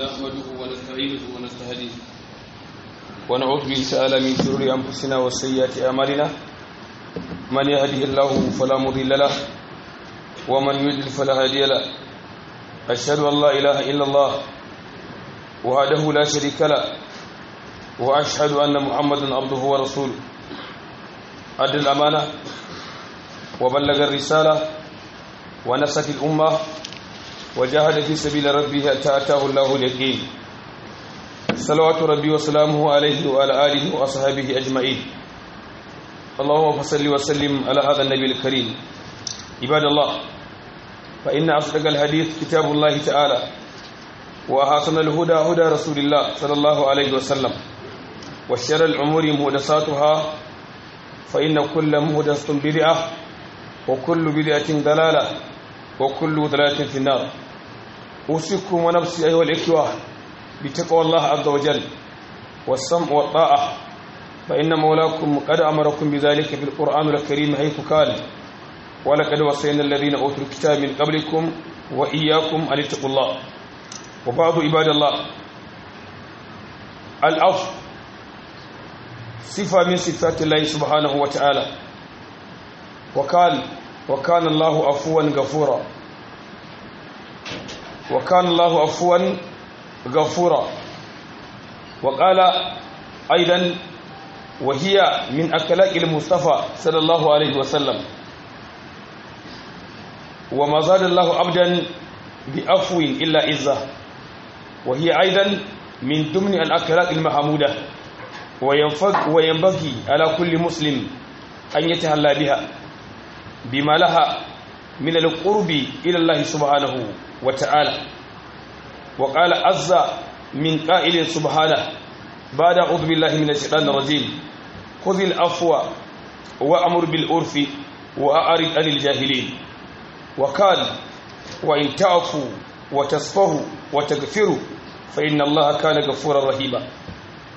نحمده ونستعينه ونستهديه ونعوذ به تعالى من شرور أنفسنا وسيئات أعمالنا من يهده الله فلا مضل له ومن يضلل فلا هادي له أشهد أن لا إله إلا الله وحده لا شريك له وأشهد أن محمدا عبده ورسوله أدى الأمانة وبلغ الرسالة ونصح الأمة وجاهد في سبيل ربه حتى أتاه الله اليقين صلوات ربي وسلامه عليه وعلى آله وأصحابه أجمعين اللهم فصل وسلم على هذا النبي الكريم عباد الله فإن أصدق الحديث كتاب الله تعالى وأحسن الهدى هدى رسول الله صلى الله عليه وسلم وشر الأمور مهدساتها فإن كل مهدسة بدعة وكل بدعة ضلالة وكل ضلالة في النار أوصيكم ونفسي أيها الإخوة بتقوى الله عز وجل والسمع والطاعة فإن مولاكم قد أمركم بذلك في القرآن الكريم حيث قال ولقد وصينا الذين أوتوا الكتاب من قبلكم وإياكم أن اتقوا الله وبعض عباد الله العفو صفة من صفات الله سبحانه وتعالى وقال wa kana Allahu afuwan gafura wa kana Allahu afuwan gafura wa qala izza mahmuda وينبغي على كل مسلم أن يتهلى بها bima laha min alqurbi ila subhanahu wa ta'ala wa qala azza min qa'ilin subhanahu ba'da a'udhu billahi minash shaitanir rajim khudhil afwa wa amur bil urfi wa a'rid anil jahilin wa wa in ta'fu wa tasfahu wa taghfiru fa inna Allah kana ghafurar rahima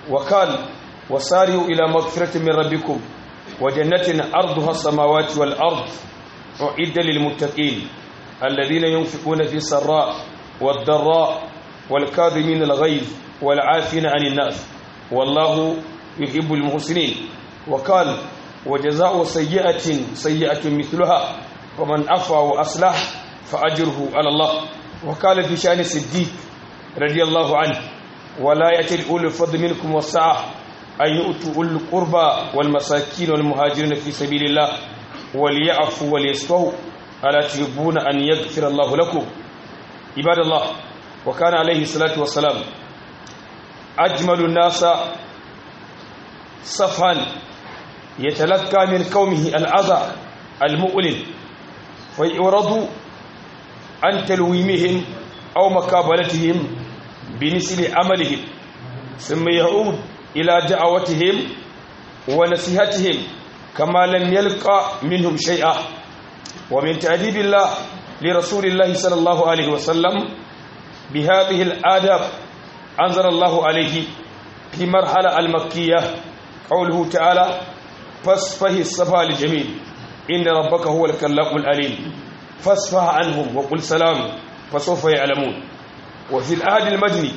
wa qala wasari'u ila maghfiratin min rabbikum وجنة أرضها السماوات والأرض أعد للمتقين الذين ينفقون في السراء والضراء والكاظمين الغيظ والعافين عن الناس والله يحب المحسنين وقال وجزاء سيئة سيئة مثلها ومن عفا وأصلح فأجره على الله وقال في شأن الصديق رضي الله عنه ولا يأتي الأولي الفضل منكم والسعة an yi utu'ul qurba wal masakin wal muhajirin fi sabilillah wal ya'fu wal yasfahu ala tubuna an yaghfira Allah lakum ibadallah wa kana alayhi salatu wa salam ajmalun nasa safan yatalakka min qaumihi al adha al mu'lin fa yuradu an talwimihim aw makabalatihim bi nisli amalihim summa yaud إلى دعوتهم ونصيحتهم كما لم يلقى منهم شيئا ومن تأديب الله لرسول الله صلى الله عليه وسلم بهذه الآداب أنزل الله عليه في مرحلة المكية قوله تعالى فاصفه الصفا للجميل إن ربك هو الكلاق الأليم فاصفه عنهم وقل سلام فسوف يعلمون وفي العهد المجني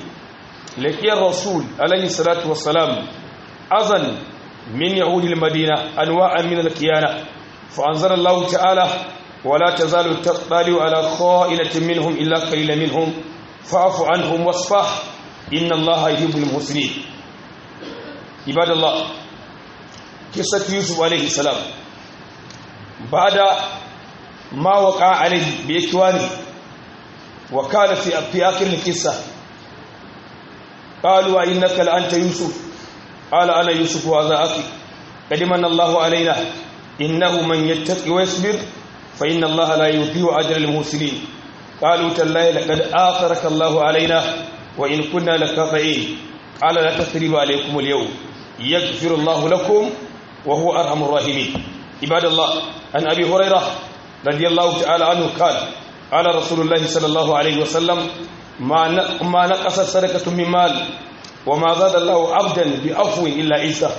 lekiyar rasul alayhi salatu wasalam azan min yahudil madina anwa'an min alqiyana fa anzala allahu ta'ala wa la tazalu taqtalu ala kha'ilatin minhum illa qalilan minhum fa'fu anhum wasfah inna allaha yuhibbul muslimin ibadallah kisat yusuf alayhi salam bada ma waqa alayhi bi ikwani wa kana fi aqil kisa. قالوا إنك لأنت يوسف قال أنا يوسف هذا أخي قدمنا الله علينا إنه من يتق ويصبر فإن الله لا يضيع أجر المرسلين قالوا تالله لقد آثرك الله علينا وإن كنا لخطئين قال لا تثريب عليكم اليوم يغفر الله لكم وهو أرحم الراحمين عباد الله عن أبي هريرة رضي الله تعالى عنه قال قال رسول الله صلى الله عليه وسلم ma na ƙasar sadakatun mimal wa ma za da lahu abdan bi afuwin illa isa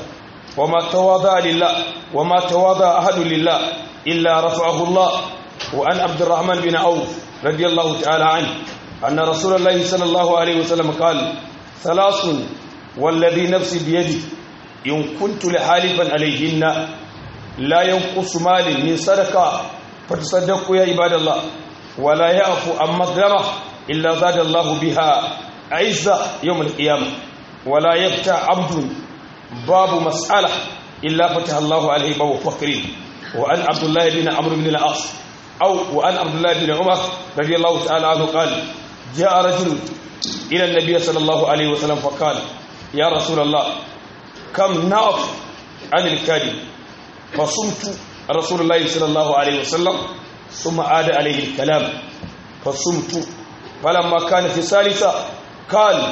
wa ma tawada lillah wa ma tawada ahadu lillah illa rafa'ahu wa an abdurrahman bin auf radiyallahu ta'ala an anna rasulullahi sallallahu alaihi wasallam qala thalathun والذي نفسي بيدي إن كنت لحالفا عليهن لا ينقص مالي min sadaka فتصدقوا يا عباد الله ولا يعفو amma مظلمه illa Allah biha aizza yawmal qiyamah wala yafta abdun babu mas'ala illa fataha Allahu alayhi babu fakri wa an abdullah ibn amr ibn al-as aw wa an abdullah ibn umar radiyallahu ta'ala anhu qala jaa rajul ila an-nabiy sallallahu alayhi wa sallam fa qala ya rasul Allah kam na'af an al-kadhib fa sumtu rasul sallallahu alayhi wa sallam ثم عاد عليه الكلام فصمت فلما كان في الثالثة قال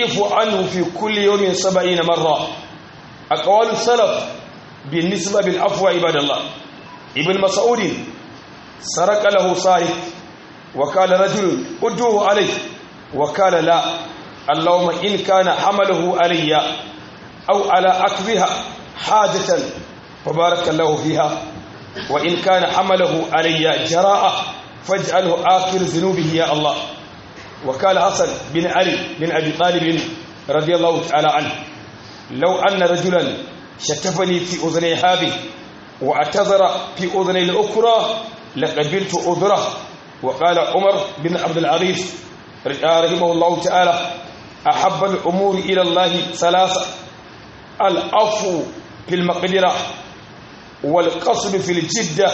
اعفوا عنه في كل يوم سبعين مرة أقوال السلف بالنسبة بالعفو عباد الله ابن مسعود سرق له سارق وقال رجل ادوه عليه وقال لا اللهم إن كان حمله علي أو على أكبها حاجة فبارك الله فيها وإن كان حمله علي جراءة فاجعله آخر ذنوبه يا الله وقال حسن بن علي بن أبي طالب رضي الله تعالى عنه لو أن رجلا شتفني في أذني هذه واعتذر في أذني الأخرى لقبلت أذره وقال عمر بن عبد العزيز رحمه الله تعالى أحب الأمور إلى الله ثلاثة العفو في المقدرة والقصد في الجدة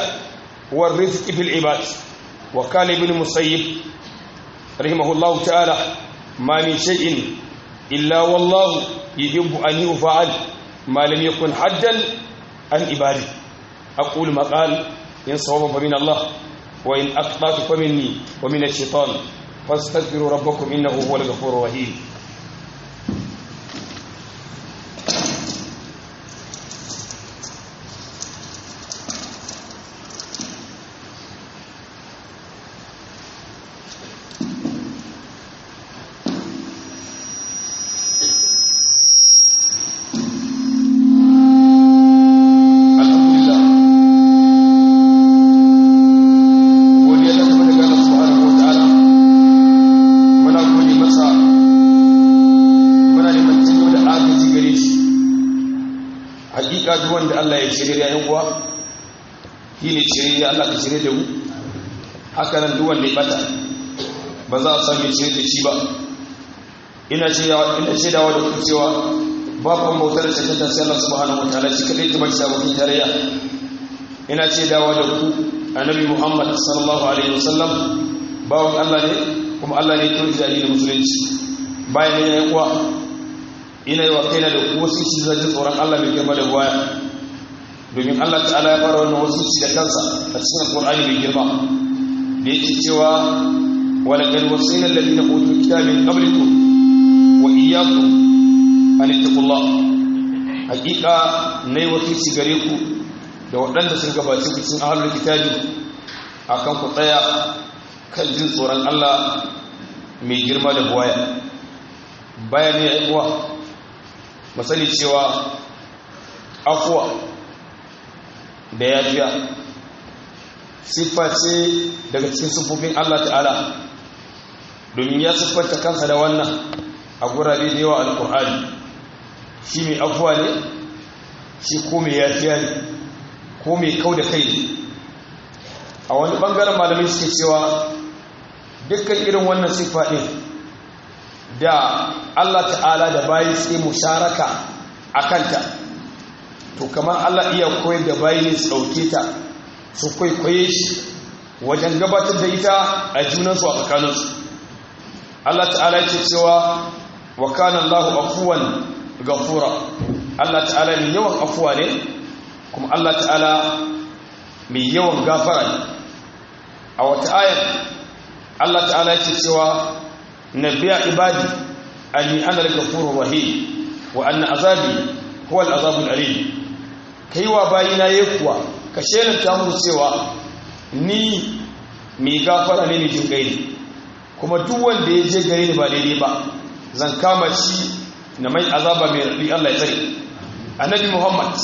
والرزق في العباد وقال ابن مسيب رحمه الله تعالى ما من شيء إلا والله يجب أن يفعل ما لم يكن حدا عن عبادي أقول ما قال إن صواب فمن الله وإن أخطأت فمني ومن الشيطان فاستغفروا ربكم إنه هو الغفور الرحيم su sami ciyar da shi ba ina shaidawa da ku cewa ba kuma bautar da cancanta sai Allah subhanahu wa ta'ala shi kadai kuma shi abokin tarayya ina shaidawa da ku annabi Muhammad sallallahu alaihi wasallam bawon Allah ne kuma Allah ne tun jari da musulunci bayan ya yi kuwa ina yi wa kaina da ku wasu shi zai tsoron Allah mai girma da waya domin Allah ta'ala ya fara wannan wasu shi da kansa a cikin Qur'ani mai girma da yake cewa ولقد وصينا الذين اوتوا الكتاب من قبلكم واياكم ان اتقوا الله حقيقه ني وصيتي gare da waɗanda sun gabaci cikin ahlul kitabi akan ku tsaya kan jin tsoron Allah mai girma da buwaya bayan ya yi masali cewa afuwa da yafiya siffa ce daga cikin siffofin Allah ta'ala domin ya siffanta kansa da wannan a gurare da yawa alkur'ani shi mai afuwa ne shi ko mai yafiya ne ko mai kau da kai ne a wani bangaren malamai suke cewa dukkan irin wannan siffa ɗin da allah ta'ala da bayi tsaye musharaka a kanta to kamar allah iya koyar da bayan ne su ɗauke ta su kwaikwaye shi wajen gabatar da ita a junansu a tsakaninsu Allah ta'ala ce cewa wa kana Allah afuwan ghafura Allah ta'ala mai yawan afuwa ne kuma Allah ta'ala mai yawan gafara ne a wata ayar Allah ta'ala ya ce cewa nabiya ibadi anni ana al-ghafurur rahim wa anna azabi huwa al-azabul alim wa bayina kuwa? ka shelanta mu cewa ni mai gafara ne mai jin gaini kuma duk wanda ya je gare ni ba daidai ba zan kama shi na mai azaba mai rabi Allah ya tsare annabi Muhammad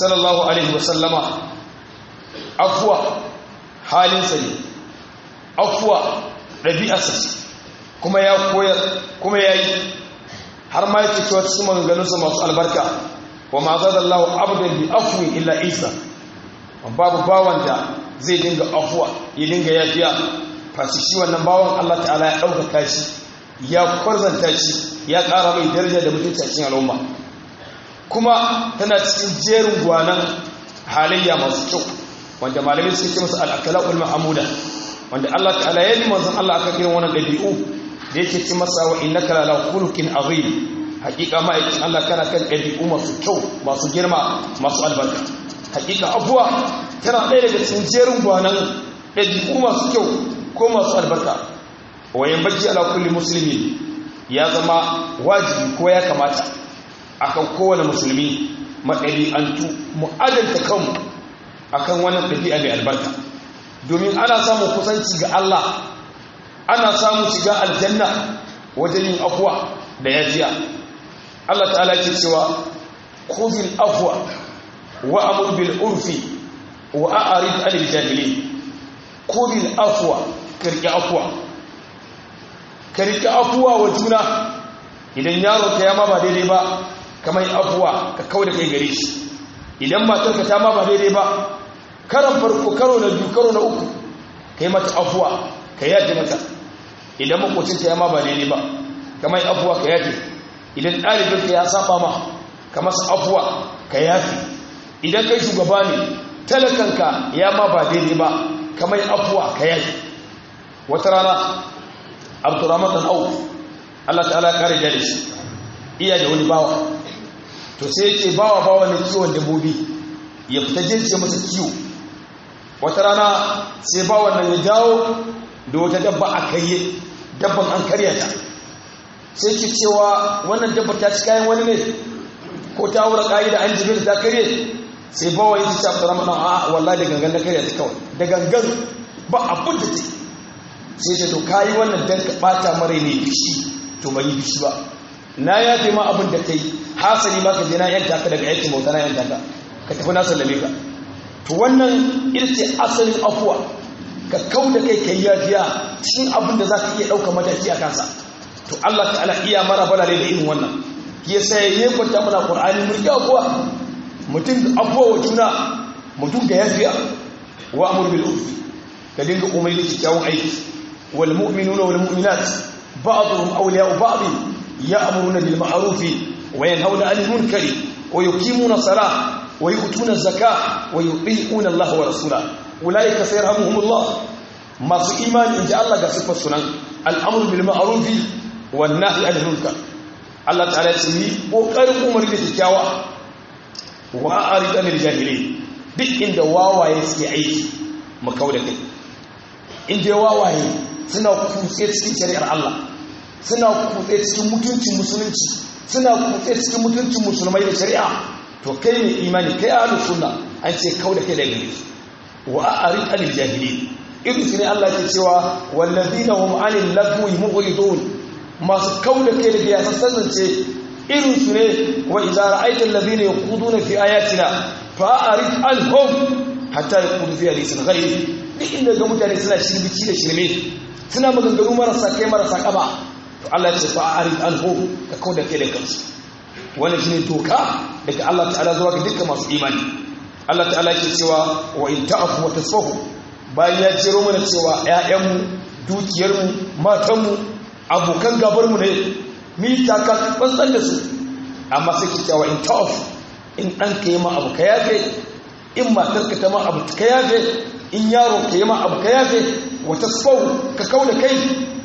sallallahu alaihi wasallama afwa halin sa ne afwa ɗabi'arsa kuma ya koyar kuma ya yi har ma yake cewa masu albarka wa ma zada Allah abdan bi afwi illa isa babu bawanta zai dinga afwa ya dinga yafiya fasi shi wannan bawan Allah ta'ala ya ɗaukaka shi ya kwarzanta shi ya ƙara mai daraja da mutunci a cikin al'umma kuma tana cikin jerin gwanan halayya masu kyau wanda malamai suke ce masa ulma Amuda wanda Allah ta'ala ya yi manzon Allah akan irin wannan ɗabi'u da yake ci masa wa kala la khuluqin azim hakika ma yake Allah kana kan ɗabi'u masu kyau masu girma masu albarka hakika abuwa tana ɗaya daga cikin jerin gwanan ɗabi'u masu kyau ko masu albarka wayan baki ala kulli musulmi ya zama wajibi ko ya kamata akan kowane musulmi mu mu'adanta kanmu akan wannan ɗabi'a mai albarka domin ana samu kusanci ga Allah ana samu shiga aljanna wajen yin afwa da yafiya Allah ta'ala ce, cewa kuzin afuwa wa amur bil urfi wa a'rid anil jahilin kuzin afuwa karki afuwa karki afuwa wa juna idan yaro ta yama ba daidai ba kamar afuwa ka kawai da kai gare shi idan matarka ta tama ba daidai ba karan farko karo na biyu karo na uku ka yi mata afuwa ka yaje mata idan makocin ya yama ba daidai ba kamar afuwa ka yaje idan ka ya saba ma ka masa afuwa ka yafi idan kai shugaba ne talakanka ya ma ba daidai ba kamar afuwa ka yaje wata rana abdurrahman dan au Allah ta'ala ya kare da shi iya da wani bawa to sai ce bawa bawa ne kiwon dabbobi ya fita jince masa kiwo wata rana sai bawa nan ya jawo da wata dabba a kayye dabban an karya ta sai ke cewa wannan dabba ta ci kayan wani ne ko ta wura ka'ida an jibe ta karye sai bawa ya ci ta abdurrahman a wallahi da gangan na karya ta kawai da gangan ba abin da take sai ce to kayi wannan dan ka bata mare ne bishi to ban yi bishi ba na yafe ma abin da kai hasali ma ka je na yanta ka daga aikin bauta na yanta ka ka tafi na sallame ka to wannan irce asalin afuwa ka kau da kai kai yafiya cikin abin da za ka iya ɗauka mataki a kansa to Allah ta'ala iya mara balale da irin wannan ya sai ya kwanta mana Qur'ani mun ga afuwa mutum da afuwa wa juna mutum da yafiya wa bil ka dinga umarni da kyawun aiki والمؤمنون والمؤمنات بعضهم أولياء بعض يأمرون بالمعروف وينهون عن المنكر ويقيمون الصلاة ويؤتون الزكاة ويطيعون الله ورسوله أولئك سيرحمهم الله ما في إيمان إن جاء الله قصف السنن الأمر بالمعروف والنهي عن المنكر Allah ta'ala ce yi kokarin umarni da kyakkyawa wa aridan jahili duk inda wawaye suke aiki mu kauda kai in dai wawaye suna kutse cikin shari'ar Allah suna kutse cikin mutuncin musulunci suna kutse cikin mutuncin musulmai da shari'a to kai ne imani kai ahlus sunna an ce kau da kai da gari wa a'rid anil jahilin irin shi ne Allah ke cewa wallazina hum anil lagwi mughridun masu kau da kai da biya sassan ce irin su ne wa idza ra'aita allazina yaquduna fi ayatina fa a'rid anhum hatta yaqulu fi hadithin ghayri duk inda ga mutane suna shirbici da shirme suna maganganu marasa kai marasa kaba to Allah ya ce fa arid anhu ka kawo kai da kansu wannan shine doka daga Allah ta'ala zuwa ga dukkan masu imani Allah ta'ala ke cewa wa in ta'fu wa tasfahu bayan ya jero mana cewa ƴaƴanmu dukiyarmu matanmu abokan gabarmu ne mi ta ka tsantsan da su amma sai ki cewa in ta'fu in dan yi ma abu ka kai in matarka ta ma abu ka kai. in yaro ka yi ma abu ka yafe wata sau ka kauna kai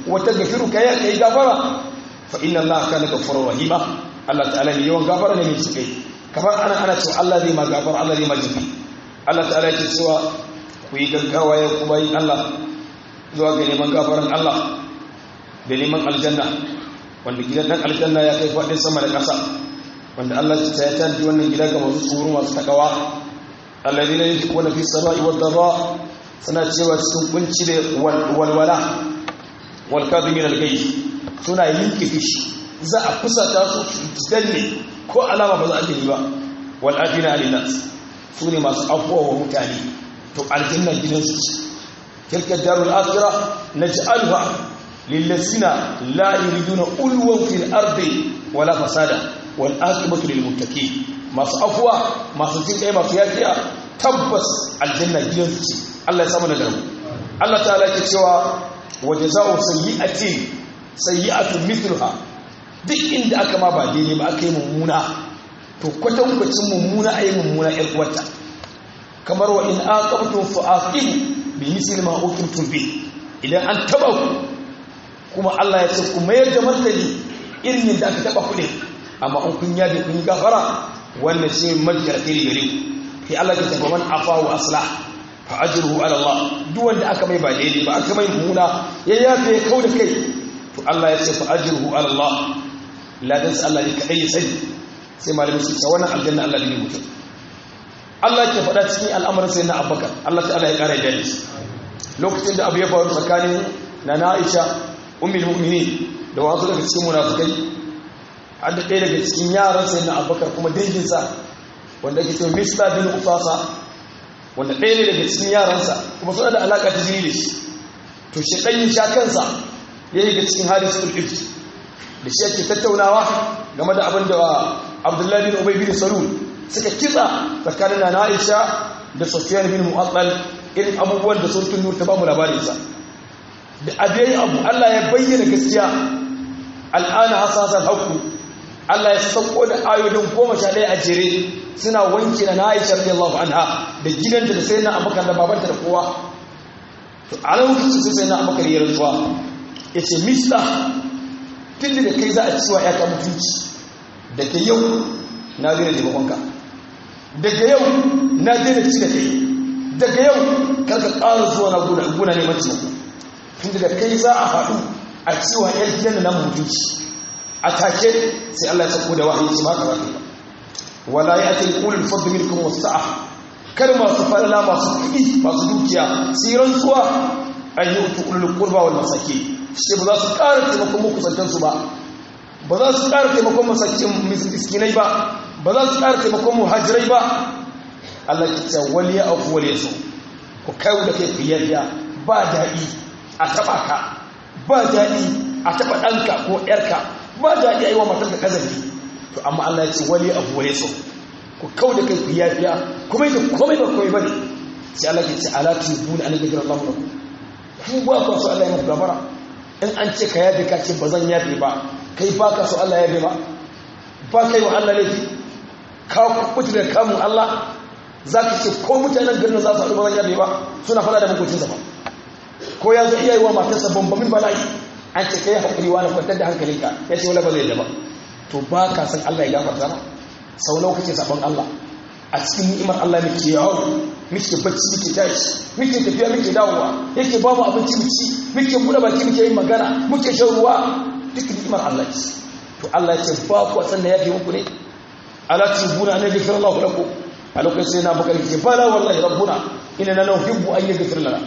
wata gafiru ka yi gafara fa inna Allah kana gafara rahima Allah ta'ala ne yawan gafara ne mai cikai kamar ana ana cewa Allah zai ma gafara Allah zai ma jinki Allah ta'ala ya ce cewa ku yi gaggawa ya kuma yi Allah zuwa ga neman gafaran Allah da neman aljanna wanda gidan dan aljanna ya kai faɗin sama da ƙasa wanda Allah ta ya tanadi wannan gida ga masu tsoro masu takawa alladhi la yudhikuna fi sama'i, wad suna cewa cikin kunci da walwala wal kadhimin al ghayb suna yinki fishi za a ta su danne ko alama ba za a yi ba wal afina lin nas su masu afuwa wa mutane to aljanna gidansu ce tilka darul akhirah naj'alha lil ladina la yuriduna ulwan fil ardi wala fasada wal aqibatu lil muttaqin masu afuwa masu jin ɗaya masu yafiya tabbas aljanna su ce Allah ya samu da damu Allah ta ke cewa waje za a a sayi jazaa'u sayyi'atin sayyi'atu ha. duk inda aka ma ba daidai ba aka yi mummuna to kwacin mummuna yi mummuna ya kwata kamar wa in aqabtum fa aqibu bi misli ma uqimtum bi idan an taba ku kuma Allah ya ce ku mayar da martani irin da aka taba ku ne amma in kun kun yi gafara wannan shi mafi alkhairi gari sai Allah ya tafi man afa wa aslah fa ajruhu ala Allah duk wanda aka mai ba daidai ba aka mai muna ya yafe kau da kai to Allah ya ce fa ajruhu ala Allah ladan Allah ya kai sai sai malamin su ce wannan aljanna Allah ne mutum Allah ke faɗa cikin al'amarin sai na abbakar Allah ta'ala ya ƙara yadda lokacin da abu ya faru tsakanin na na'isha umil mu'mini da wasu daga cikin munafukai har da ɗaya daga cikin yaran sai na abubakar kuma danginsa wanda ake cewa mista bin wanda ɗaya ne daga cikin yaransa kuma suna da alaƙa ta jini da shi to shi ɗan sha kansa ya yi ga cikin haris ul'ift da shi ake tattaunawa game da abin da abdullahi bin ubai bin salul suka kitsa tsakanin na aisha da sofiyan bin mu'attal irin abubuwan da sun tunur ta bamu labarinsa da abiyayi abu allah ya bayyana gaskiya al'ana hasasan hakku Allah ya sauko da ayoyin goma sha ɗaya a jere suna wanke na Aisha Allah anha da gidanta da sai na Abubakar da babanta da kowa to a lokacin sai sai na Abubakar ya rantsuwa yace mista tun da kai za a ciwa ya ka mutunci daga yau na da taimakonka daga yau na daina ci da kai daga yau ka ƙara zuwa na guna neman taimako Tun da kai za a faɗu a ciwa yar gidan na mutunci a take sai Allah ya sako da wahayi su haka wahayi wala ya atil qulul fadl minkum wasa'a kar masu falala masu ba su dukiya siran suwa an yi utu ulul qurba wal masaki shi ba za su ƙara taimakon makusantan su ba ba za su ƙara taimakon masakin miskinai ba ba za su ƙara taimakon muhajirai ba Allah ya ce waliya ya afu wali yasu ku kai da kai fiyayya ba daɗi a taɓa ka ba daɗi a taɓa ɗanka ko yarka ba a iya yi wa matar ka kazafi to amma Allah ya ce wali abu wa yaso ku kau da kai ku yafiya kuma yake komai ba komai bane sai Allah ya ce ala tubun an bi Allah ku ku ba ku so Allah ya muku gabara, in an ce ka yafi ka ce bazan yafi ba kai ba ka so Allah ya yafi ba ba kai wa Allah laifi ka kuɓuta da kamun Allah za ka ce ko mutanen garin za su haɗu bazan yafi ba suna faɗa da makocinsa ba ko ya zo iyayewa matarsa bambamin bala'i an ce kai haƙuri wani kwantar da hankalinka ya ce wani ba zai ba to ba ka san Allah ya gafarta ba sau nawa kake zaben Allah a cikin ni'imar Allah ke yawo muke bacci muke tashi muke tafiya muke dawowa yake ba mu abinci mu ci muke buɗe baki muke yin magana muke shan ruwa duk ni'imar Allah ce to Allah ya ce ba ku san da fi muku ne ala tubuna ne gifir Allah lakum a lokacin sai na bakar ke fara wallahi rabbuna inna la nuhibbu an yaghfir lana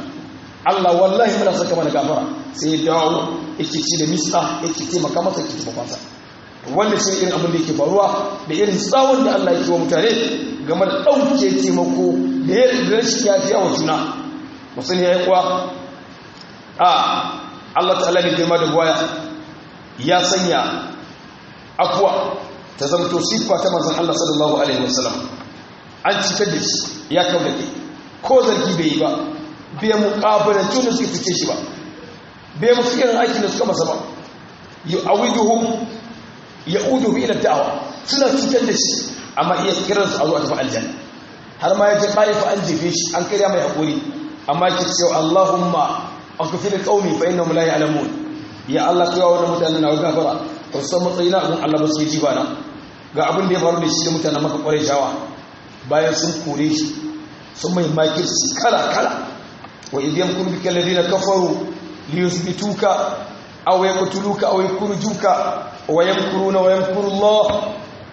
Allah wallahi muna saka mana gafara sai ya dawo yake ci da misa yake taimaka masa yake taimakonsa wanda shi irin abin da yake faruwa da irin tsawon da Allah yake wa mutane game da ɗauke taimako da ya rashin yafiya juna musulmi ya yi kuwa a Allah ta'ala ne girma da gwaya ya sanya akwa ta zamto sifa ta manzon Allah sallallahu alaihi wasallam an cikar da shi ya kawo ko zargi bai yi ba bai muƙabalanci da suka fice shi ba bai musu irin aikin da suka masa ba ya awiduhum ya uduhu ila da'awa suna cutar da shi amma iya kiran su a zuwa tafi aljanna har ma ya ce fa an jefe shi an karya mai haƙuri amma ke cewa allahumma a kufi da ƙauni fa inna mulayi alamun ya allah kira wani mutanen na fara ba san matsayi na abin allah ba su yi jiba na ga abin da ya faru da shi da mutanen maka ƙwarai shawa bayan sun kore shi sun mai makirci kala kala wa idh yamkuru bika alladhina kafaru liyuthbituka aw yaqtuluka aw yukhrijuka wa yamkuruna wa yamkuru Allah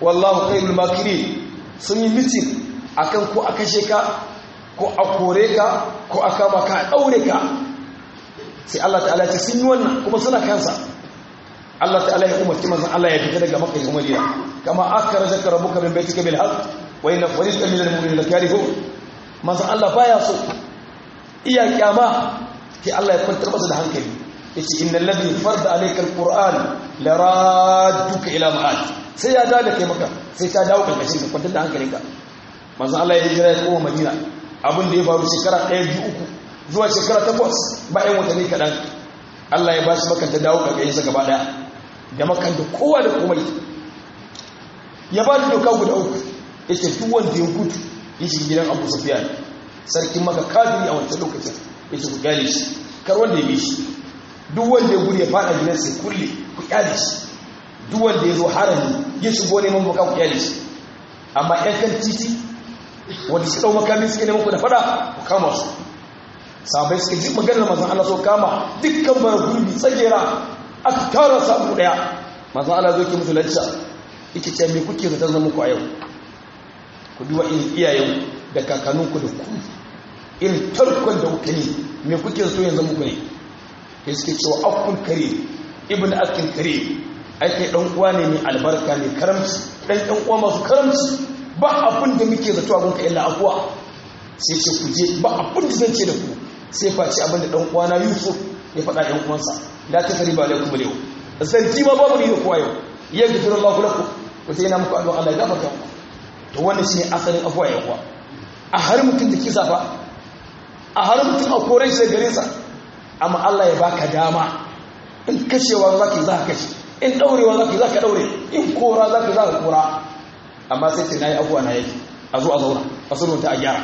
wallahu khayrul sun yi akan ko a kashe ko a kore ko a kama ka a sai Allah ta'ala ce sun yi wannan kuma suna kansa Allah ta'ala ya umarci manzon Allah ya fita daga Makka kuma Madina kama akhrajaka rabbuka min baytika bil haqq wa inna fariqan minal mu'minina karihun manzon Allah baya so iya kyama ke Allah ya kwantar masa da hankali yace innal ladhi farda alayka alquran laradduka ila ma'ad sai ya da kai maka sai ta dawo kankashin ka kwantar da ka, manzo Allah ya hijira ya koma Madina abin da ya faru shekara 1 biyu uku zuwa shekara 8 bayan watanni kadan Allah ya ba shi makan ta dawo kankashin gaba daya da makan da kowa da komai ya ba da doka guda uku yace duk wanda ya gudu yace gidan Abu Sufyan sarkin maka kafiri a wancan lokacin ya ce ku kyale shi kar wanda ya bi shi duk wanda ya guri ya fada gina sai kulle ku kyale shi duk wanda ya zo harami ya shigo mun baka ku kyale shi amma yan kan titi wanda su dau makamin suke neman ku da fada ku kama su sabai suke jin maganar mazan Allah so kama dukkan bara gurbi tsagera aka tara sabu daya mazan Allah zo ki musu lacca ce me kuke zata zama muku a yau ku duba iyayen da ku da ku irin tarkon da kuka yi me kuke so yanzu muku ne ya suke cewa akul kare ibn akil kare ai dan uwa ne mai albarka ne karamci dan dan uwa masu karamci ba abin da muke zato a ka illa akwa sai ce ku je ba abin da zan ce da ku sai face abin da dan uwa na Yusuf ya faɗa dan uwansa la ba alaikum al zan zanti ma babu ni da kuwa yau yaghfirullahu lakum ko sai na muku addu'a Allah ya gafarta to wannan shine asalin afwa ya kuwa a harin mutum da kisa ba a harin mutum a koren shi sa amma Allah ya baka dama in kashewa za ka za ka kashe in daurewa za ka za ka daure in kora za ka za ka kora amma sai ce yi abuwa na yake a zo a zauna a wata a gyara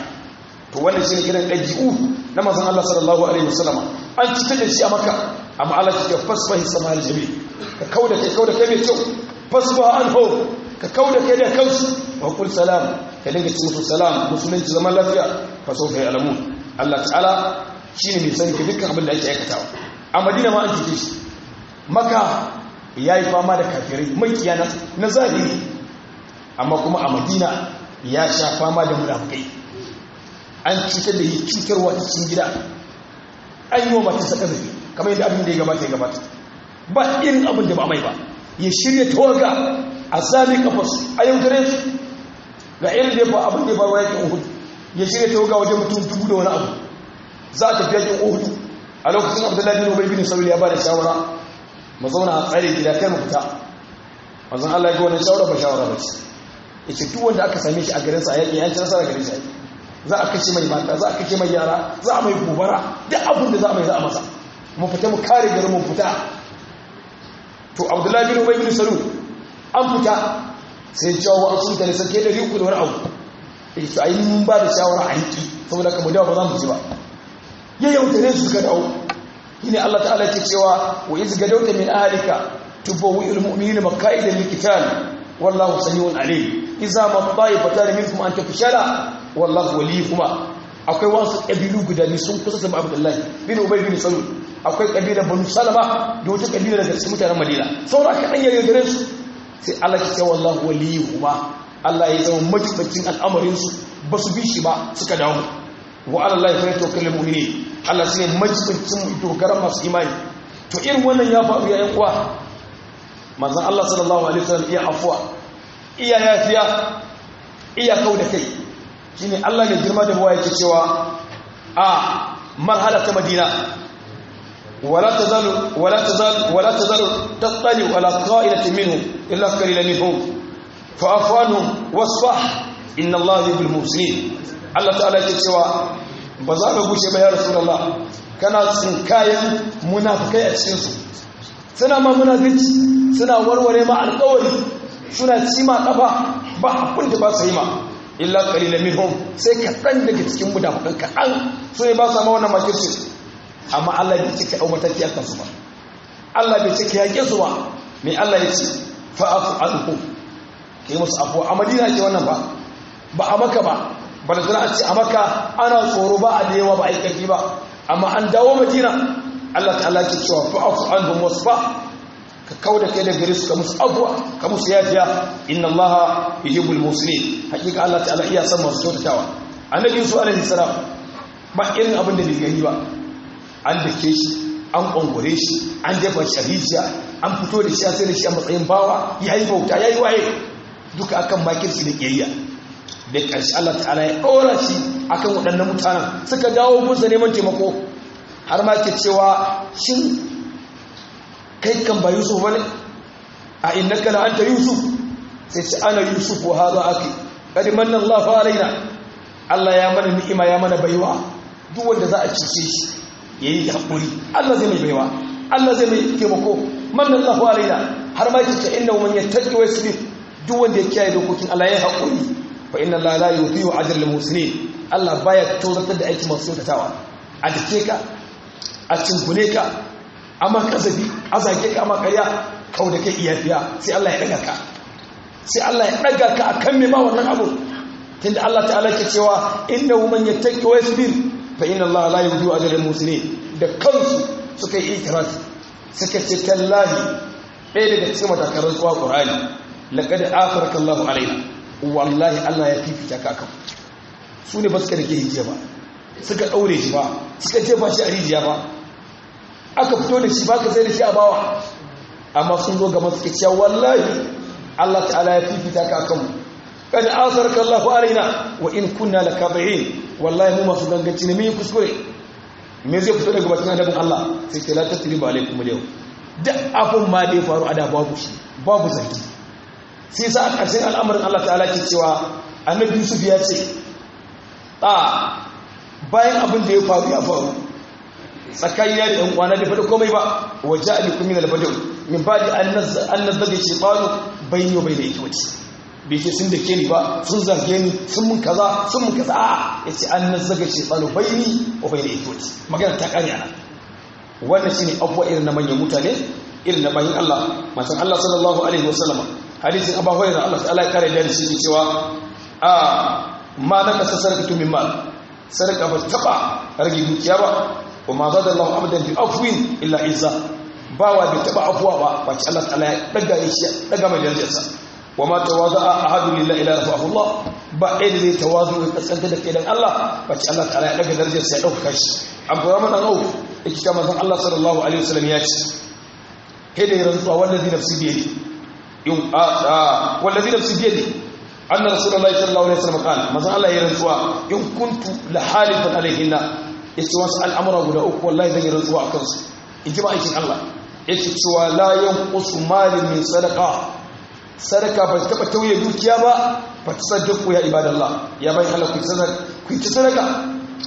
to wannan ne kiran u na manzon Allah sallallahu alaihi wasallam an ci da shi a maka amma Allah ya fasfahi sama jami ka kauda kai kauda kai mai kyau fasfaha anhu ka kauda kai da kansu wa kul salam ka dinga ci salam musulunci zaman lafiya fa sau ka yi alamu allah ta'ala shi ne mai sani ka dukkan abin da ake aikatawa a madina ma an cuce shi maka ya yi fama da kafirai mai kiyana na zahiri amma kuma a madina ya sha fama da munafukai an cutar da yi cutarwa cikin gida an yi wa saka zafi kamar yadda abin da ya gabata ya gabata ba irin abin da ba mai ba ya shirya tawaga a sami kafas a yaudare su ga irin da ba abin da ya faru yakin uhud ya shirya ta wuga wajen mutum dubu da wani abu za a tafi yakin uhud a lokacin abdullahi bin ubay bin sauri ya ba da shawara mu zauna a tsare gida kai mu fita Allah ya ga wannan shawara ba shawara ba ce ce duk wanda aka same shi a garin sa yaki an ci nasara garin sa za a kashe mai mata za a kashe mai yara za a mai gobara duk abin da za a mai za a masa mu fita mu kare garin mu fita to abdullahi bin ubay bin sauri an fita sai jawo an da tare sarki ɗari uku da wani abu ya ce ayi mun ba da shawara a yanki saboda kamar dawa ba za mu ji ba ya yautare su suka dawo shine Allah ta'ala ke cewa wa iz gadawta min ahlika tubawwi'ul mu'minina maqa'idan lil-qital wallahu sami'un alim iza ma ta'ifatan minkum an tafshala wallahu waliyukuma akwai wasu ƙabilu guda ne sun kusa sama abdullahi bin ubay bin salul akwai ƙabilar banu salama da wata ƙabila daga cikin mutanen madina saura ka ɗan yare gare su sai Allah ke kawo Allah waliyuhuma Allah ya zama majibacin al'amarin su ba su bi shi ba suka dawo wa Allah ya fara mu mu'mini Allah sai majibacin dogara masu imani to irin wannan ya faru ya yan kuwa manzon Allah sallallahu alaihi wasallam iya afwa iya yafiya iya da kai shine Allah ne girma da bawa yake cewa a marhala ta Madina ولا تزال ولا تزال ولا تزال تطلع على قائلة منهم إلا قليلا منهم فأفوانهم واصفح إن الله يحب المحسنين الله تعالى يكسوا بزار بوش يا رسول الله كان سنكايا منافقيا سنسو سنا ما منافق سنا ورور ما القول سنا سيما أبا با كنت با سيما إلا قليلا منهم سيكفرن لك تسكين بدا فكأن سنبا سماونا ما كرسل amma Allah bai cika ɗau mataki akan su ba Allah bai cika yaƙe su ba mai Allah ya ce fa'afu alhu ke musu afuwa a madina ke wannan ba ba a maka ba ba da a ce a maka ana tsoro ba a da yawa ba aikaki ba amma an dawo madina Allah ta'ala ke cewa fa'afu alhu wasu ba ka kauda kai da gare su ka musu abuwa ka musu yafiya inna Allah yuhibbul muslimin hakika Allah ta'ala iya san masu kyautatawa annabi su alaihi salam ba irin abin da bai gani ba an dake shi an ƙwangware shi an jefa sharijiya an fito da shi a sai da shi a matsayin bawa ya yi bauta ya yi waye duka akan su da ƙiyayya da ƙarshe Allah ta'ala ya ɗora shi akan waɗannan mutanen suka dawo gunsa neman taimako har ma ke cewa shin kai kan ba Yusuf bane a innaka la anta Yusuf sai ce ana Yusuf wa hadha aki kad manna Allah alaina Allah ya mana ni'ima ya mana baiwa duk wanda za a cice shi ya yi haƙuri Allah zai mai baiwa Allah zai mai taimako mannan lafi alaina har ma yake ta inda man ya wa duk wanda ya kiyaye dokokin Allah ya haƙuri fa inna la la yudhi'u ajr al muslimin Allah baya tozartar da aiki masu kyautatawa a dace ka a cingule ka amma kasabi a zage ka amma ƙarya kau da kai iyafiya sai Allah ya daga ka sai Allah ya daga ka akan me ma wannan abu tunda Allah ta'ala ke cewa inna man yattaqi wa yasbir fa’in Allah la zuwa ajral musulmi da kansu suka yi itirafi suka ce tallahi ɗaya daga cikin matakarar zuwa ƙorani laƙada afirka a alaina wallahi allah ya fifita kakan su ne ba suka da ke hijiya ba suka ɗaure shi ba suka jefa shi a rijiya ba aka fito da shi ba ka sai da shi a bawa amma sun zo gama suka cewa wallahi allah ta'ala ya fifita kakanmu kada afirka a alaina wa in kunna la kabirin. wallahi mu masu ganganci ne mun kuskure me zai fito daga batun adabin Allah sai ta lata tiri ba alaikum yau duk abun ma da ya faru a da babu shi babu zargi sai sa a ƙarshen al'amarin Allah ta'ala ke cewa annabi Yusuf ya ce a bayan abin da ya faru ya faru tsakaniya da ɗan kwana da faɗi komai ba waje a bikumin albadau min ba da an nazzabe ce ɓano bayan yau bai da yake wace bai ce sun da ke ni ba sun zarge ni sun mun kaza sun mun kaza a ya ce an nan zaga ce tsaro bai ni o bai da ikoti magana ta kare ana wannan shi ne abuwa irin na manyan mutane irin na bayan Allah masu Allah sallallahu alaihi wasallama hadisin abu da Allah ta'ala ya kare da shi cewa a ma na kasa sarkatu min ma sarka ba taba rage dukiya ba wa ma zada Allah abadan bi afwin illa izza ba wa bi taba afwa ba ba Allah ta'ala ya daga daga mai darajarsa wa ma tawada'a ahadun lillahi ila rafahu Allah ba ɗaya da zai tawadu ya kasanta da kai Allah ba ce Allah ta'ala ya daga darajar sai ya dauka shi Abdurrahman dan Auf yake ta manzon Allah sallallahu alaihi wasallam ya ce hede rantsuwa wallazi nafsi bi yadi yun a wallazi nafsi bi yadi anna rasulullahi sallallahu alaihi wasallam kana manzon Allah ya rantsuwa in kuntu la halifan alaihinna yace wasu al'amura guda uku wallahi zan yi rantsuwa akan su in ji ba Allah sadaka ba ta taɓa tauye dukiya ba ba ta saddaku ya ibadallah ya bai halar ku yi ta sadaka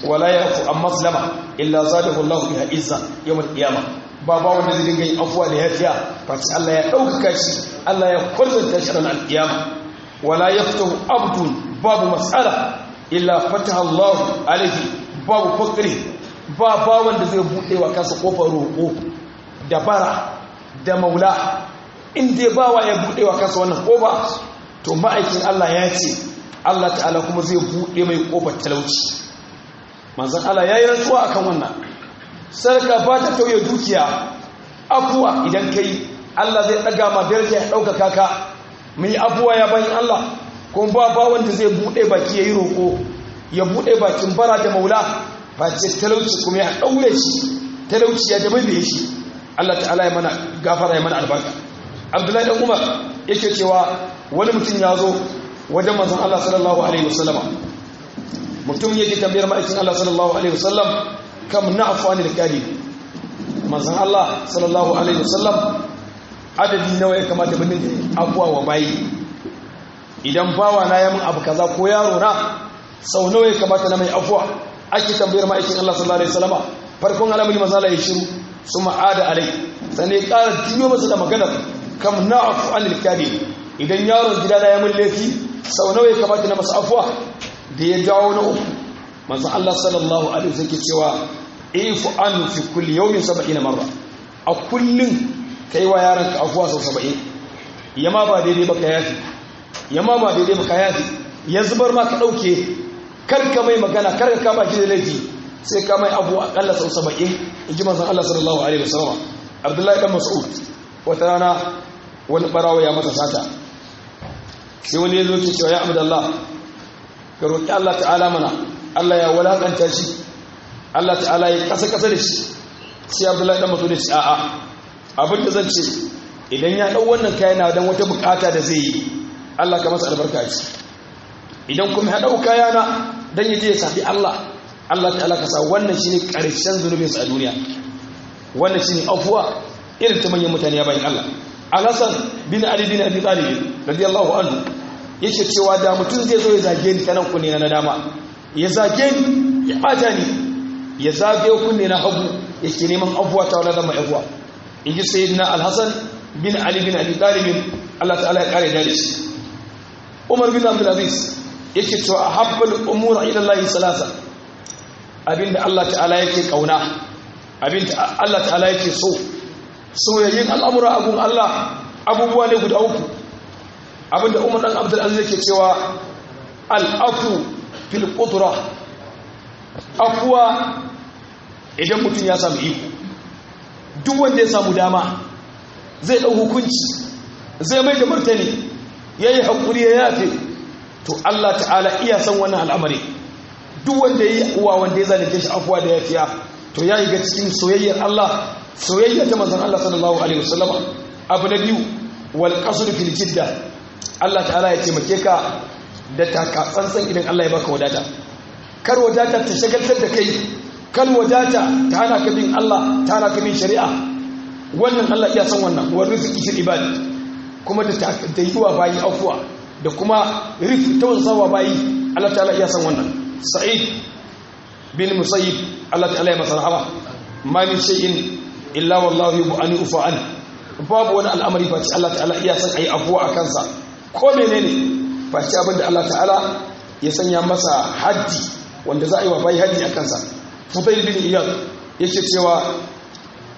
wala ya ku amma zulama illa zadahu Allah biha izza yawmal qiyama ba ba wanda zai dinga yin afwa da yafiya fa sai Allah ya dauka shi Allah ya kullunta shi ranar qiyama wala yaftahu abdun babu mas'ala illa fataha Allah alayhi babu fakri ba ba wanda zai bude wa kansa kofar roko da bara da maula in ba wa ya buɗe wa kasa wannan ƙofa to ma'aikin Allah ya ce Allah ta'ala kuma zai buɗe mai ƙofar talauci manzan Allah ya yi rantsuwa a kan wannan sarka ba ta tauye dukiya abuwa idan ka yi Allah zai ɗaga ma daraja ya ɗauka kaka mai abuwa ya bayan Allah kuma ba ba wanda zai buɗe baki ya yi roƙo ya buɗe bakin bara da maula ba ce talauci kuma ya ɗaure shi talauci ya da dabe shi Allah ta'ala ya mana gafara ya mana albarka abdullahi dan umar yake cewa wani mutum ya zo wajen manzon Allah sallallahu alaihi wasallam mutum yake tambayar ma'aikin Allah sallallahu alaihi wasallam kam na'fu anil kadhib manzon Allah sallallahu alaihi wasallam adadi nawa ya kamata bin abuwa wa bayi idan bawa na yamin abu kaza ko yaro na sau nawa ya kamata na mai afuwa ake tambayar ma'aikin Allah sallallahu alaihi wasallam farkon alamuni manzon ya shiru suma ada alai sannan ya ƙara tiyo masa da magana. kam na'fu anil kadhib idan yaron gida gidana ya mun laifi sau nawa ya kamata na masa afuwa da ya dawo na uku manzo Allah sallallahu alaihi wasallam ke cewa ifu an fi kulli yawmin 70 marra a kullun kai wa yaron ka afuwa sau 70 yama ba daidai ba ka yafi yama ba daidai ba ka yafi yanzu bar ma ka dauke kar ka mai magana kar ka kama shi da laifi sai ka mai abu akalla sau 70 in ji manzo Allah sallallahu alaihi wasallam Abdullahi dan Mas'ud wata rana wani barawa ya masa sata sai wani ya zoce cewa ya Allah ga roƙi Allah ta'ala mana Allah ya walakanta shi Allah ta'ala ya ƙasa ƙasa da shi sai abdullahi Ɗan mutu da shi a'a abin da zan ce idan ya ɗau wannan kayan na dan wata bukata da zai yi Allah ka masa albarka ce idan kuma ya ɗau kaya na dan ya sabi Allah Allah ta'ala ka sa wannan shi ne zunubin sa a duniya wannan shi ne afuwa irin ta manyan mutane ya bayan Allah alasan bin ali bin abi talib radiyallahu anhu yake cewa da mutum zai zo ya zage ni tanan kunne na dama ya zage ni ya bata ni ya zage kunne na hagu yake neman abuwa ta wala zama abuwa inji sayyidina alhasan bin ali bin abi talib Allah ta'ala ya kare dare Umar bin Abdul Aziz yake cewa habbal umura ila Allah salasa abinda Allah ta'ala yake kauna abinda Allah ta'ala yake so soyayyen al'amura abun Allah abubuwa ne guda uku abinda umar ɗan abdulaziz ke cewa al'afu fil ƙudura afuwa idan mutum ya samu iko duk wanda ya samu dama zai ɗau hukunci zai mai da martani ya yi haƙuri ya yafe to Allah ta'ala iya san wannan al'amari duk wanda ya yi uwa wanda ya zana shi afuwa da yafiya to ya yi ga cikin soyayyar Allah soyayya ta manzon Allah sallallahu alaihi wasallama abu na biyu wal qasr fil jidda Allah ta'ala ya taimake ka da taka tsantsan idan Allah ya baka wadata kar wadata ta shagaltar da kai kan wadata ta hana ka bin Allah ta hana ka bin shari'a wannan Allah ya san wannan wa rizqi fil ibad kuma da ta yiwa wa bayi afuwa da kuma rif ta wasawa bayi Allah ta'ala ya san wannan sa'id bin musayyib Allah ta'ala ya masa rahama ma min shay'in illa wallahi yubu an an babu wani al'amari ba Allah ta'ala iya san ayi abuwa a kansa ko menene ba abin da Allah ta'ala ya sanya masa haddi wanda za a yi wa bai haddi a kansa fudayl bin iyad yake cewa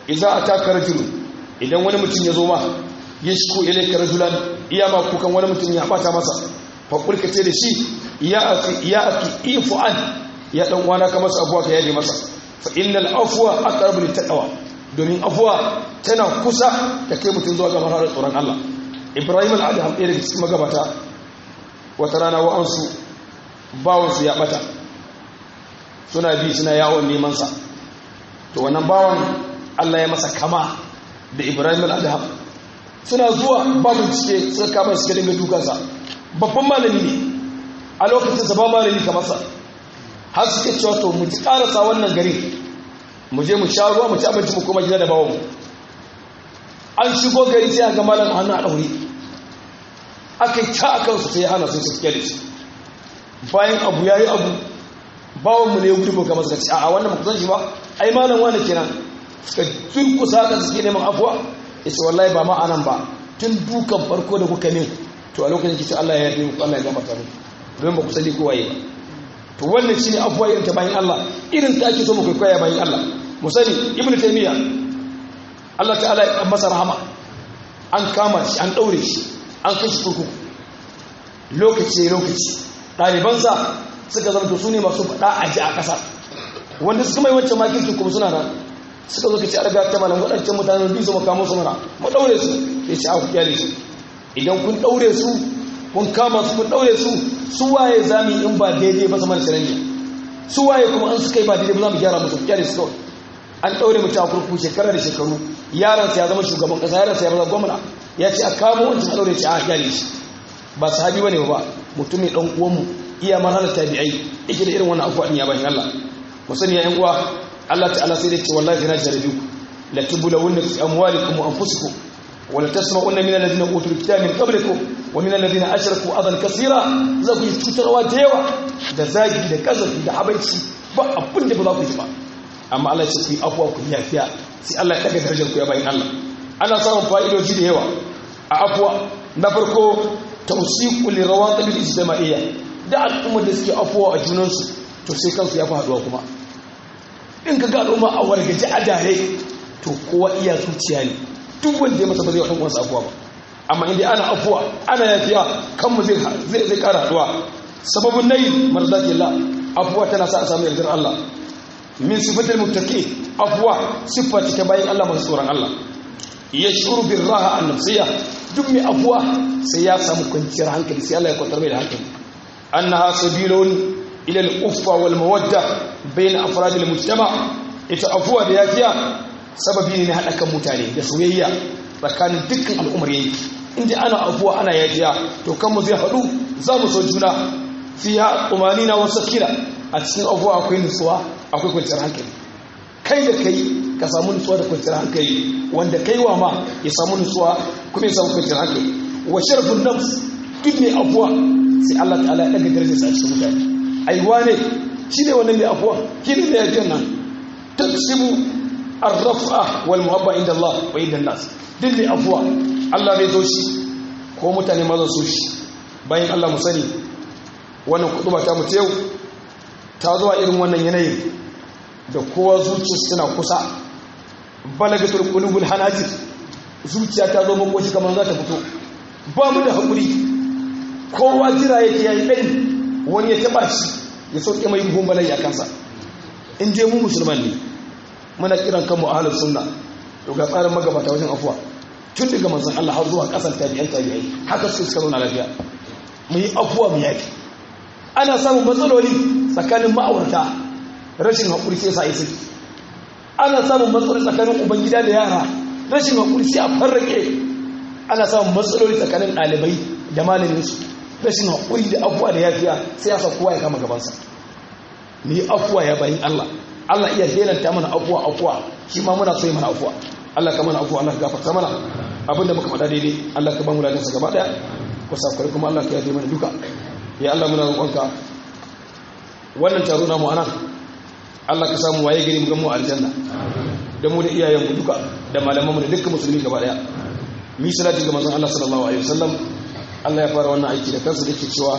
idza ataka rajul idan wani mutum ya zo ma yashku ilayka rajulan iya ma kukan wani mutum ya bata masa fa kulkace da shi ya afi ya afi ifu an ya dan wana ka masa abuwa ka yaje masa fa innal afwa aqrabu lit taqwa domin afuwa tana kusa da kai mutum zuwa gabata da tsoron Allah Ibrahim al-Adham irin cikin magabata wata rana wa'ansu bawansu ya bata suna bi suna yawon neman sa to wannan bawan Allah ya masa kama da Ibrahim al-Adham suna zuwa babin cike suka kama su suka dinga dukansa babban malami ne a lokacin sa ba malami kamar sa har suke cewa to mu ƙarasa wannan garin mu je mu sha ruwa mu ci abinci mu koma gida da bawon an shigo gari sai ga malam hannu a ɗauri aka ta akan su sai hana su su kyale shi bayan abu ya yi abu bawon mu ne ya gudu ga masa a wannan mu zan shi ba ai malam wani kenan suka tun kusa ka suke neman afwa ya wallahi ba ma anan ba tun dukan farko da kuka min to a lokacin kici Allah ya yi Allah ya gama ta ne don ba ku sani yi ba to wannan shine afwa irin ta bayan Allah irin ta ake so mu kwaikwaya bayan Allah mu ibn taimiyya taymiya Allah ta'ala ya masa rahama an kama shi an daure shi an kai shi turku lokaci lokaci ɗalibansa suka zama su ne masu faɗa a ji a ƙasa wanda suka mai wancan makirki kuma suna nan suka zo ka ci arga ta malam waɗancan mutanen biyu su makamo su mara mu ɗaure su ya ci aku kyale su idan kun ɗaure su kun kama su kun ɗaure su su waye za mu yi in ba daidai ba su mana su waye kuma an suka yi ba daidai ba za mu gyara musu kyale su kawai an ɗaure mutum a kurkuku shekara da shekaru yaransa ya zama shugaban ƙasa yaransa ya zama gwamna ya ce a kamo wancan a ɗaure ce a gyare shi ba sahabi bane ba mutum ne ɗan uwanmu iya manhalar tabi'ai yake da irin wannan afuwa ya bayan Allah mu sani ya uwa Allah ta'ala sai da ce wallahi zina jarabi ku la tubulawunna fi amwalikum wa anfusikum wa la tasma'unna min alladhina utul kitaba min qablikum wa min alladhina ashraku adan kaseera za ku yi cutarwa da yawa da zagi da kazafi da habaici ba abin da ba za ku yi ba amma Allah ce ku yi afuwa ku yafiya sai Allah ya daga darajar ku ya bayin Allah ana samun fa'idoji da yawa a afuwa na farko tawsiqu li rawatib al-ijtima'iyya da al'umma da suke afuwa a junansu to sai kansu ya fi haduwa kuma in ka ga al'umma a wargaje a dare to kowa iya zuciya ne duk wanda ya masa ba zai wa ɗan'uwansa afuwa ba amma inda ana afuwa ana yafiya kanmu zai zai ƙara haɗuwa sababin nayi marzaki Allah afuwa tana sa a samu yardar Allah min sifatil muttaqi afwa siffa ta bayin Allah masu tsoron Allah yashuru bir raha an nafsiya duk mai afwa sai ya samu kwanciyar hankali sai Allah ya kwantar mai da hankali annaha sabilun ila al-uffa wal mawadda bain afrad al-mujtama ita afwa da yafiya sababi ne na hada kan mutane da soyayya tsakanin dukkan al'ummar yanki inda ana afuwa ana yajiya to kanmu zai haɗu za mu so juna fiya na wasu kira a cikin abuwa akwai nutsuwa akwai kwanciyar hankali kai da kai ka samu nutsuwa da kwanciyar hankali wanda kai wa ma ya samu nutsuwa kuma ya samu kwanciyar hankali wa sharafin nafs duk mai abuwa sai Allah ta'ala ya daga darajar sa cikin mutane ai wane shi ne wannan mai abuwa Ki ne da yajin nan taksibu arrafa wal muhabba inda Allah wa inda nas duk ne abuwa Allah ne zo ko mutane ma za shi bayan Allah mu sani wannan kutuba ta mu ta yau ta zuwa irin wannan yanayin da kowa zuciya suna kusa balaga qulubul hanajir zuciya ta zo makoshi kamar za ta fito ba mu da hakuri kowa jira ya yayi dai wani ya taɓa shi ya sauke mai gumbalai ya kansa in je mu musulman ne muna kiran kanmu halin sunna to tsarin magabata wajen afuwa tun daga manzon Allah har zuwa ƙasar tabi'ai tabi'ai haka su suka zauna lafiya mu yi afuwa mu yaki ana samun matsaloli tsakanin ma'aurata rashin haƙuri sai sa isi ana samun matsaloli tsakanin ubangida da yara rashin haƙuri sai a farrake ana samun matsaloli tsakanin ɗalibai da malaminsu rashin haƙuri da afuwa da yafiya sai ya sa kowa ya kama gabansa ni afuwa ya bayin Allah Allah iya helanta mana afuwa afuwa shi ma muna so yi mana afuwa Allah ka mana afuwa Allah ka gafarta mana abinda muka faɗa daidai Allah ka ba mu sa gaba ɗaya ku sa kuma Allah ka yafe mana duka ya Allah muna roƙonka wannan taro na mu anan Allah ka samu waye gari mu mu aljanna da mu da iyayen mu duka da malaman mu da dukkan musulmi gaba daya mi salati ga manzon Allah sallallahu alaihi wasallam Allah ya fara wannan aiki da kansa dake cewa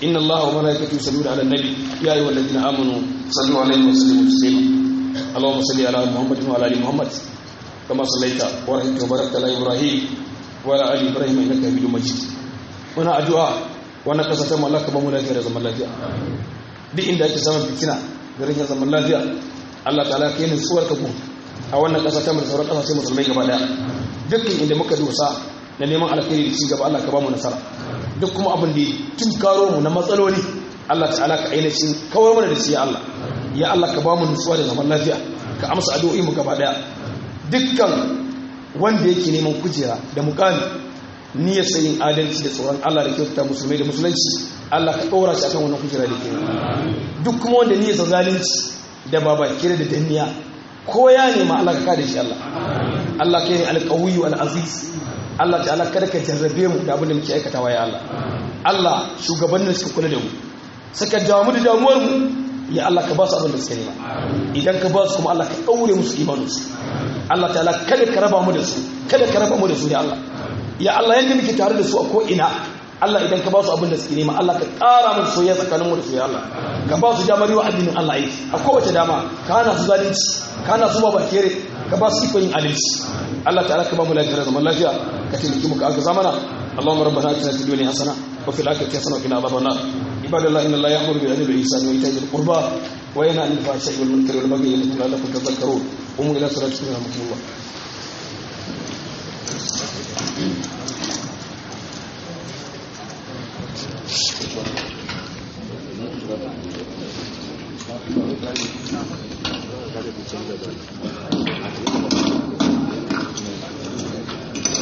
inna Allah wa malaikatu yusalluna ala nabi ya ayyuhal ladina amanu sallu alaihi wa sallimu taslima Allahumma salli ala Muhammad wa ala ali Muhammad kama sallaita wa rahmatuka wa barakta ala Ibrahim wa ala ali Ibrahim innaka Hamidum Majid muna addu'a wannan ƙasa ta mallaka ka ba mu lafiya da zaman lafiya duk inda ake zaman fitina da rashin zaman lafiya Allah ta'ala ka yi nutsuwar ka ku a wannan ƙasa ta mu da sauran ƙasashe musulmai gaba daya dukkan inda muka dosa na neman alkhairi da cigaba Allah ka ba mu nasara duk kuma abin da tun karo mu na matsaloli Allah ta'ala ka ainihin kawar mana da shi ya Allah ya Allah ka ba mu nutsuwa da zaman lafiya ka amsa addu'o'i mu gaba daya dukkan wanda yake neman kujera da mukami niyyar sayin adalci da tsoron Allah da kyauta musulmai da musulunci Allah ka ɗora shi akan wannan kujera da ke duk kuma wanda niyyar zalunci da baba kira da danniya ko ya nema Allah ka kada shi Allah Allah ka yi alƙawiyu al'aziz Allah ta Allah kada ka jarrabe mu da abin da muke aikatawa ya Allah Allah shugabannin suka kula da mu suka damu da damuwar mu ya Allah ka ba su abin da suka nema idan ka ba su kuma Allah ka ɗaure musu su Allah ta Allah kada ka raba mu da su kada ka raba mu da su ya Allah ya Allah yadda muke tare da su a ko'ina Allah idan ka ba su abin da suke nema Allah ka ƙara mun soyayya tsakaninmu da soyayya Allah ka ba su damar yi addinin Allah aiki a kowace dama ka hana su zalunci ka hana su ka ba su ikon yin adalci Allah ta'ala ka ba mu lafiya zaman lafiya ka taimaki mu ka aka zamana Allahumma rabbana atina fid dunya hasana wa fil akhirati hasana wa qina adhaban nar ibadallah inna Allah ya'muru bil adli wal ihsani wa ita'i dhil qurba Thank you.